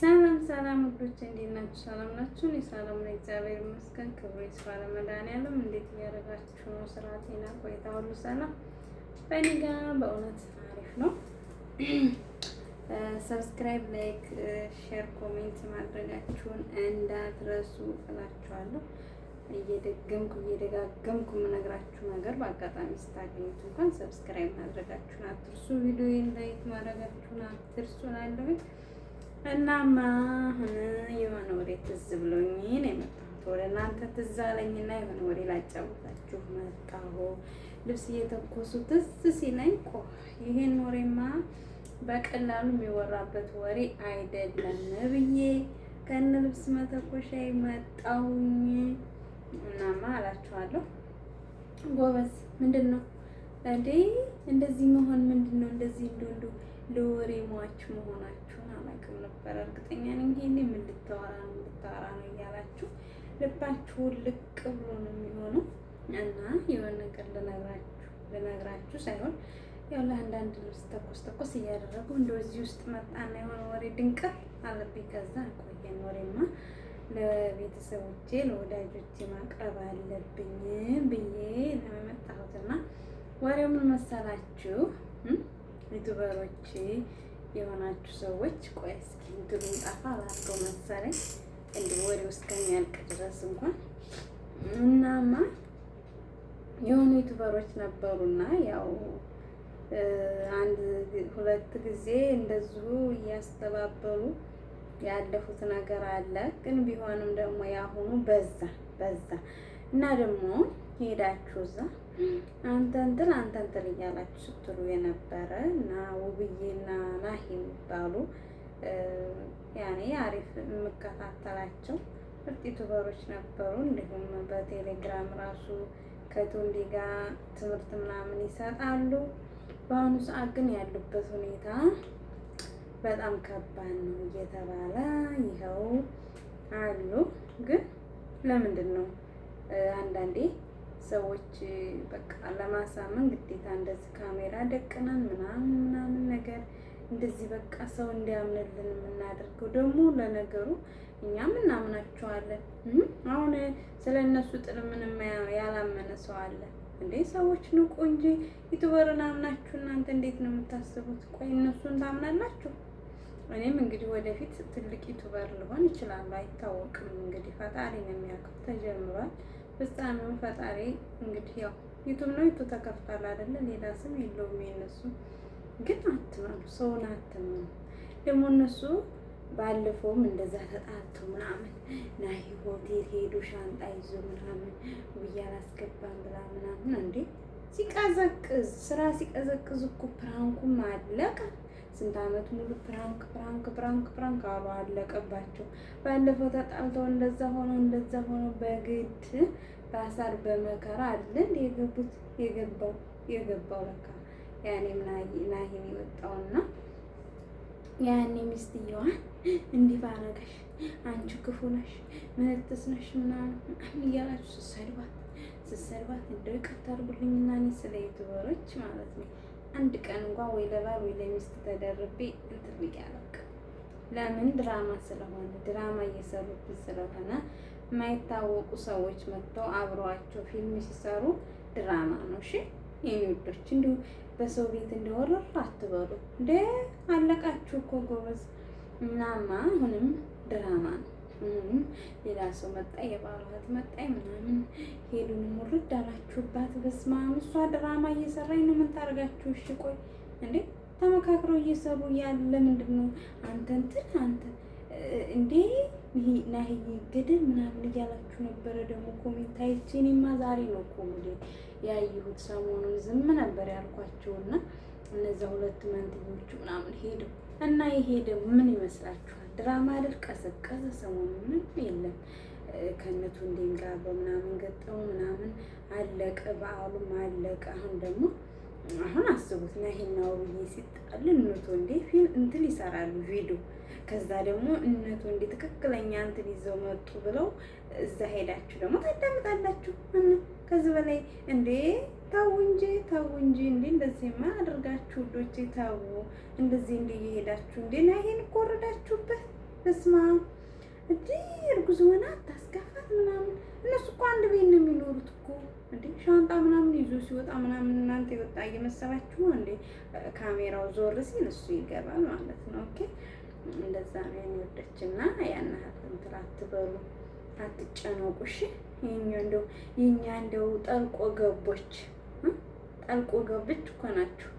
ሰላም ሰላም ውዶች እንዴት ናችሁ? ሰላም ናችሁ? እኔ ሰላም ነኝ፣ እግዚአብሔር ይመስገን። ክብሩ ይስፋ ለመድኃኒዓለም። እንዴት እያደረጋችሁ ነው? ስራ፣ ጤና፣ ቆይታ ሁሉ ሰላም በእኔ ጋር በእውነት አሪፍ ነው። ሰብስክራይብ፣ ላይክ፣ ሼር፣ ኮሜንት ማድረጋችሁን እንዳትረሱ እላችኋለሁ። እየደገምኩ እየደጋገምኩ የምነግራችሁ ነገር በአጋጣሚ ስታገኙት እንኳን ሰብስክራይብ ማድረጋችሁን አትርሱ። ቪዲዮን ላይክ ማድረጋችሁን አትርሱ እላለሁኝ። እናማ አሁን የሆነ ወሬ ትዝ ብሎኝ ነው የመጣሁት ወደ እናንተ ትዝ አለኝና የሆነ ወሬ ላጫውታችሁ መጣሁ። ልብስ እየተኮሱ ትዝ ሲለኝ ቆይ ይሄን ወሬማ በቀላሉ የሚወራበት ወሬ አይደለም ብዬ ከነ ልብስ መተኮሻ መጣሁኝ። እናማ አላችኋለሁ ጎበዝ ምንድን ነው እንዴ እንደዚህ መሆን ምንድን ነው እንደዚህ እንዱ ለወሬ ሟች መሆናችሁን አላውቅም ነበር። እርግጠኛ ነኝ ይሄኔ ምን ልታወራ ነው ልታወራ ነው እያላችሁ ልባችሁን ልቅ ብሎ ነው የሚሆነው። እና የሆነ ነገር ልነግራችሁ ልነግራችሁ ሳይሆን ያው ለአንዳንድ ልብስ ተኮስ ተኮስ እያደረጉ እንደዚህ እዚህ ውስጥ መጣና የሆነ ወሬ ድንቅ አለብኝ። ከዛ አቆየን ወሬማ ለቤተሰቦቼ ለወዳጆቼ ማቅረብ አለብኝ ብዬ ነው የመጣሁትና ወሬው ምን መሰላችሁ? ዩቱበሮች የሆናችሁ ሰዎች ቆይ እስኪ እንትኑን ጠፋ ባድርገው መሰለኝ እንዲህ ወሬው እስከሚያልቅ ድረስ እንኳን እናማ የሆኑ ዩቱበሮች ነበሩና ያው አንድ ሁለት ጊዜ እንደዚሁ እያስተባበሉ ያለፉት ነገር አለ። ግን ቢሆንም ደግሞ ያሁኑ በዛ በዛ እና ደግሞ ሄዳችሁ እዛ አንተ እንትን አንተ እንትን እያላችሁ ስትሉ የነበረ እና ውብዬና ናሂ የሚባሉ ያኔ አሪፍ የምከታተላቸው ምርጥ ዩቱበሮች ነበሩ። እንዲሁም በቴሌግራም ራሱ ከቱንዲ ጋር ትምህርት ምናምን ይሰጣሉ። በአሁኑ ሰዓት ግን ያሉበት ሁኔታ በጣም ከባድ ነው እየተባለ ይኸው አሉ። ግን ለምንድን ነው አንዳንዴ ሰዎች በቃ ለማሳመን ግዴታ እንደዚህ ካሜራ ደቅነን ምናምን ምናምን ነገር እንደዚህ በቃ ሰው እንዲያምንልን የምናደርገው ደግሞ ለነገሩ እኛም እናምናቸዋለን። አሁን ስለ እነሱ ጥል ምንም ያላመነ ሰው አለ እንዴ? ሰዎች ንቁ እንጂ ዩቱበርን አምናችሁ እናንተ እንዴት ነው የምታስቡት? ቆይ እነሱን ታምናላችሁ? እኔም እንግዲህ ወደፊት ትልቅ ዩቱበር ልሆን ይችላሉ፣ አይታወቅም። እንግዲህ ፈጣሪ ነው የሚያውቀው። ተጀምሯል። ፍጻሜውን ፈጣሪ እንግዲህ ያው ዩቱብ ነው። ዩቱብ ተከፍቷል አይደለ? ሌላ ስም የለውም። የነሱ ግን አትመኑ፣ ሰውን አትመኑ። ደግሞ እነሱ ባለፈውም እንደዛ ተጣልቶ ምናምን ናይ ሆቴል ሄዱ ሻንጣ ይዞ ምናምን ውያ አላስገባም ብላ ምናምን እንዴ! ሲቀዘቅዝ ስራ ሲቀዘቅዝ እኮ ፕራንኩም አለቀ። ስንት ዓመት ሙሉ ፕራንክ ፕራንክ ፕራንክ ፕራንክ አሉ። አለቀባቸው። ባለፈው ተጣልተው እንደዛ ሆኖ እንደዛ ሆኖ በግድ በአሳር በመከራ አለ የገቡት የገባው የገባው ለካ ያኔም ናሂን የወጣውና ያኔ ሚስትየዋ እንዲህ ባረገሽ፣ አንቺ ክፉ ነሽ፣ ምንትስ ነሽ ምናምን እያላችሁ ስትሰድባት ስትሰድባት እንደው ይቅርታ አድርጉልኝና እኔ ስለ ዩቱበሮች ማለት ነው አንድ ቀን እንኳን ወይ ለባል ወይ ለሚስት ተደርቤ እንትን ብዬ አላውቅም። ለምን ድራማ ስለሆነ ድራማ እየሰሩብን ስለሆነ የማይታወቁ ሰዎች መጥተው አብረዋቸው ፊልም ሲሰሩ ድራማ ነው። እሺ የኔ ውዶች፣ እንዲሁ በሰው ቤት እንደወረሩ አትበሉ። እንደ አለቃችሁ እኮ ጎበዝ ምናማ አሁንም ድራማ ነው። ምናምን ሌላ ሰው መጣ፣ የባል እህት ምናምን ሄዱን ሙርድ አላችሁባት። በስመ አብ እሷ ድራማ እየሰራኝ ነው። ምን ታደርጋችሁ? እሺ ቆይ እንዴ ተመካክረው እየሰሩ ያለ ምንድን ነው? አንተ እንትን አንተ እንዴ ናሂ ገደል ምናምን እያላችሁ ነበረ። ደግሞ ኮሜንት አይቼ እኔማ ዛሬ ነው ኮሜዲ ያየሁት። ሰሞኑን ዝም ነበር ያልኳቸውና እነዚያ ሁለት መንትዮቹ ምናምን ሄዱ እና ይሄደ ምን ይመስላችኋል? ድራማ አይደል? ቀዘቀዘ። ምንም የለም። ከእነቱ ጋር በምናምን ገጠሙ ምናምን አለቀ። በዓሉም አለቀ። አሁን ደግሞ አሁን አስቡት ናሂና ውብዬ ሲጣል እነቱ እንዴ ፊልም እንትን ይሰራሉ ቪዲዮ። ከዛ ደግሞ እነቱ እንዴ ትክክለኛ እንትን ይዘው መጡ ብለው እዛ ሄዳችሁ ደግሞ ታዳምጣላችሁ። ከዚህ በላይ እንዴ ተው እንጂ ተው እንጂ እንዴ! እንደዚህማ አድርጋችሁ ውዶቼ ተው። እንደዚህ እንዴ እየሄዳችሁ እንዴ! ና ይሄን እኮ ወረዳችሁበት። በስማ እንዴ እርጉዝ ሆና አታስጋፋት ምናምን። እነሱ እኮ አንድ ቤት ነው የሚኖሩት እኮ እንዴ! ሻንጣ ምናምን ይዞ ሲወጣ ምናምን እናንተ የወጣ እየመሰላችሁ እንዴ! ካሜራው ዞር ሲል እሱ ይገባል ማለት ነው። ኦኬ እንደዛ ነው የሚወደችና ያን ሀፍን ትላትበሉ አትጨነቁሽ። የኛ እንደው የኛ እንደው ጠልቆ ገቦች ጠልቆ ገብች እኮ ናችሁ።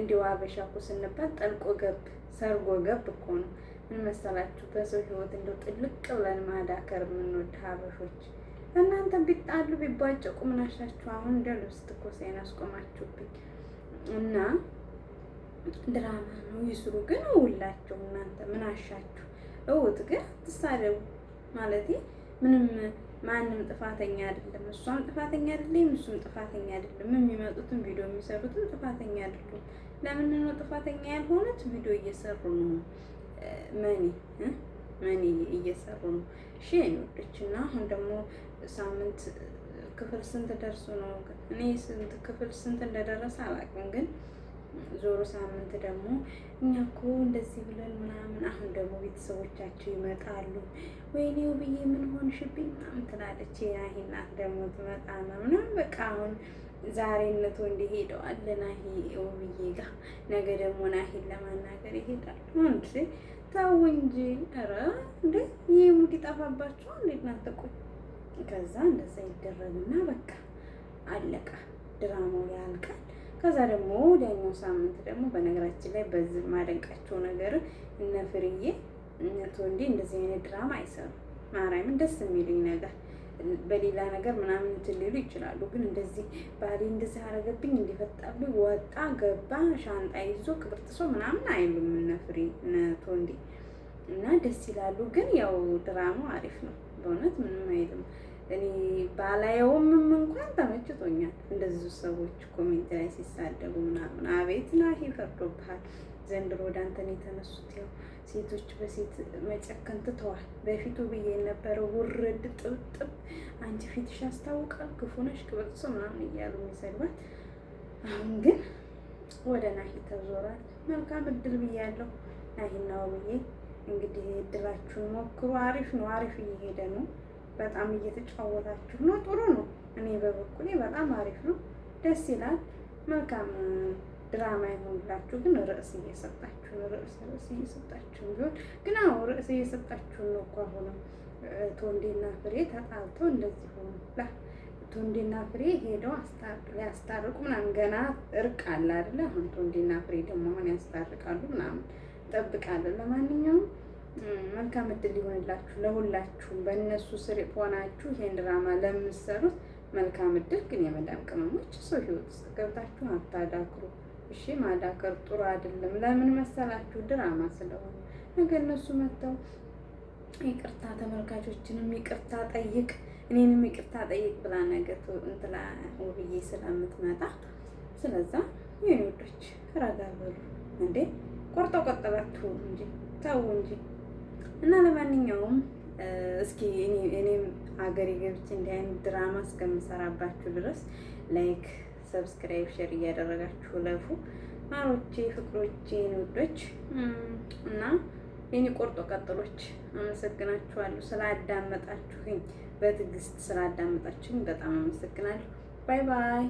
እንዲሁ አበሻ እኮ ስንባል ጠልቆ ገብ ሰርጎ ገብ እኮ ነው። ምን መሰላችሁ በሰው ህይወት እንደው ጥልቅ ብለን ማዳከር የምንወድ ሀበሾች እናንተ ቢጣሉ ቢባጨቁ ምን አሻችሁ? አሁን እንደ ልብስ ትኮሴን አስቆማችሁብኝ እና ድራማ ነው ይስሩ፣ ግን እውላቸው እናንተ ምን አሻችሁ? እውት ግን ትሳደቡ ማለት ምንም ማንም ጥፋተኛ አይደለም። እሷም ጥፋተኛ አይደለም፣ እሱም ጥፋተኛ አይደለም። የሚመጡትም ቪዲዮ የሚሰሩትም ጥፋተኛ አይደሉም። ለምን ነው ጥፋተኛ ያልሆነች ቪዲዮ እየሰሩ ነው። መኒ መኒ እየሰሩ ነው። እሺ እና አሁን ደግሞ ሳምንት ክፍል ስንት ደርሱ ነው? እኔ ስንት ክፍል ስንት እንደደረሰ አላውቅም ግን ዞሮ ሳምንት ደግሞ እኛ እኮ እንደዚህ ብለን ምናምን፣ አሁን ደግሞ ቤተሰቦቻቸው ይመጣሉ። ወይኔው ብዬ ምን ሆንሽብኝ ምናምን ትላለች። ናሂ እናት ደግሞ ነው ምናምን በቃ አሁን ዛሬነቱ እንዲህ ሄደዋል ናሂ ውብዬ ጋር፣ ነገ ደግሞ ናሂን ለማናገር ይሄዳል። ወንድ ተው እንጂ ኧረ እንደ ይህ ሙድ ይጠፋባቸው እናንተ ቆይ። ከዛ እንደዛ ይደረግና በቃ አለቀ ድራማው ያልቃል። ከዛ ደግሞ ወዲያኛው ሳምንት ደግሞ በነገራችን ላይ በዚህ ማደንቃቸው ነገር እነ ፍርዬ እንዲ እንደዚህ አይነት ድራማ አይሰሩ ማርያምን ደስ የሚልኝ ነገር በሌላ ነገር ምናምን እንትን ሊሉ ይችላሉ። ግን እንደዚህ ባሌ እንደዚህ አረገብኝ እንዲፈጣብኝ ወጣ ገባ ሻንጣ ይዞ ቅብርጥሶ ምናምን አይሉም እነ ፍሬ እነ እና ደስ ይላሉ። ግን ያው ድራማው አሪፍ ነው በእውነት ምንም አይልም። እኔ ባላየውም እንኳን ተመችቶኛል። እንደዚሁ ሰዎች ኮሜንት ላይ ሲሳደቡ ምናምን አቤት ናሂ ፈርዶብሃል። ዘንድሮ ወደ አንተን የተነሱት ያው ሴቶች በሴት መጨከን ትተዋል። በፊቱ ብዬ የነበረው ውርድ ጥብጥብ፣ አንቺ ፊትሽ ያስታውቃል፣ ክፉ ነሽ፣ ቅበጽ ምናምን እያሉ የሚሰድባት አሁን ግን ወደ ናሂ ተዞሯል። መልካም እድል ብያለሁ ናሂና ብዬ እንግዲህ እድላችሁን ሞክሩ። አሪፍ ነው፣ አሪፍ እየሄደ ነው። በጣም እየተጫወታችሁ ነው። ጥሩ ነው። እኔ በበኩሌ በጣም አሪፍ ነው፣ ደስ ይላል። መልካም ድራማ ይሆንላችሁ። ግን ርዕስ እየሰጣችሁ ርዕስ ርዕስ እየሰጣችሁ ቢሆን ግን አሁን ርዕስ እየሰጣችሁ ነው እኮ አሁንም ቶንዴና ፍሬ ተጣልተው እንደዚህ ሆኑ። ቶንዴና ፍሬ ሄደው ያስታርቁ ምናምን ገና እርቅ አለ አይደለ? አሁን ቶንዴና ፍሬ ደግሞ አሁን ያስታርቃሉ ምናምን ጠብቃለን። ለማንኛውም መልካም እድል ሊሆንላችሁ ለሁላችሁም። በእነሱ ስር ሆናችሁ ይሄን ድራማ ለምሰሩት መልካም እድል። ግን የመዳም ቅመሞች ሰው ህይወት ውስጥ ገብታችሁን አታዳክሩ። እሺ ማዳከር ጥሩ አይደለም። ለምን መሰላችሁ? ድራማ ስለሆነ ነገር እነሱ መጥተው ይቅርታ ተመልካቾችንም ይቅርታ ጠይቅ እኔንም ይቅርታ ጠይቅ ብላ ነገር እንትላ ውብዬ ስለምትመጣ ስለዛ የኔ ወዶች ረጋ በሉ እንዴ። ቆርጠው ቆጠበት እንጂ ተው እንጂ እና ለማንኛውም እስኪ እኔም ሀገሬ ገብቼ እንዲህ አይነት ድራማ እስከምሰራባችሁ ድረስ ላይክ፣ ሰብስክራይብ፣ ሼር እያደረጋችሁ ለፉ ማሮቼ፣ ፍቅሮቼ፣ ንውዶች እና የኔ ቆርጦ ቀጥሎች አመሰግናችኋለሁ። ስላዳመጣችሁኝ በትዕግስት ስላዳመጣችሁኝ በጣም አመሰግናለሁ። ባይ ባይ።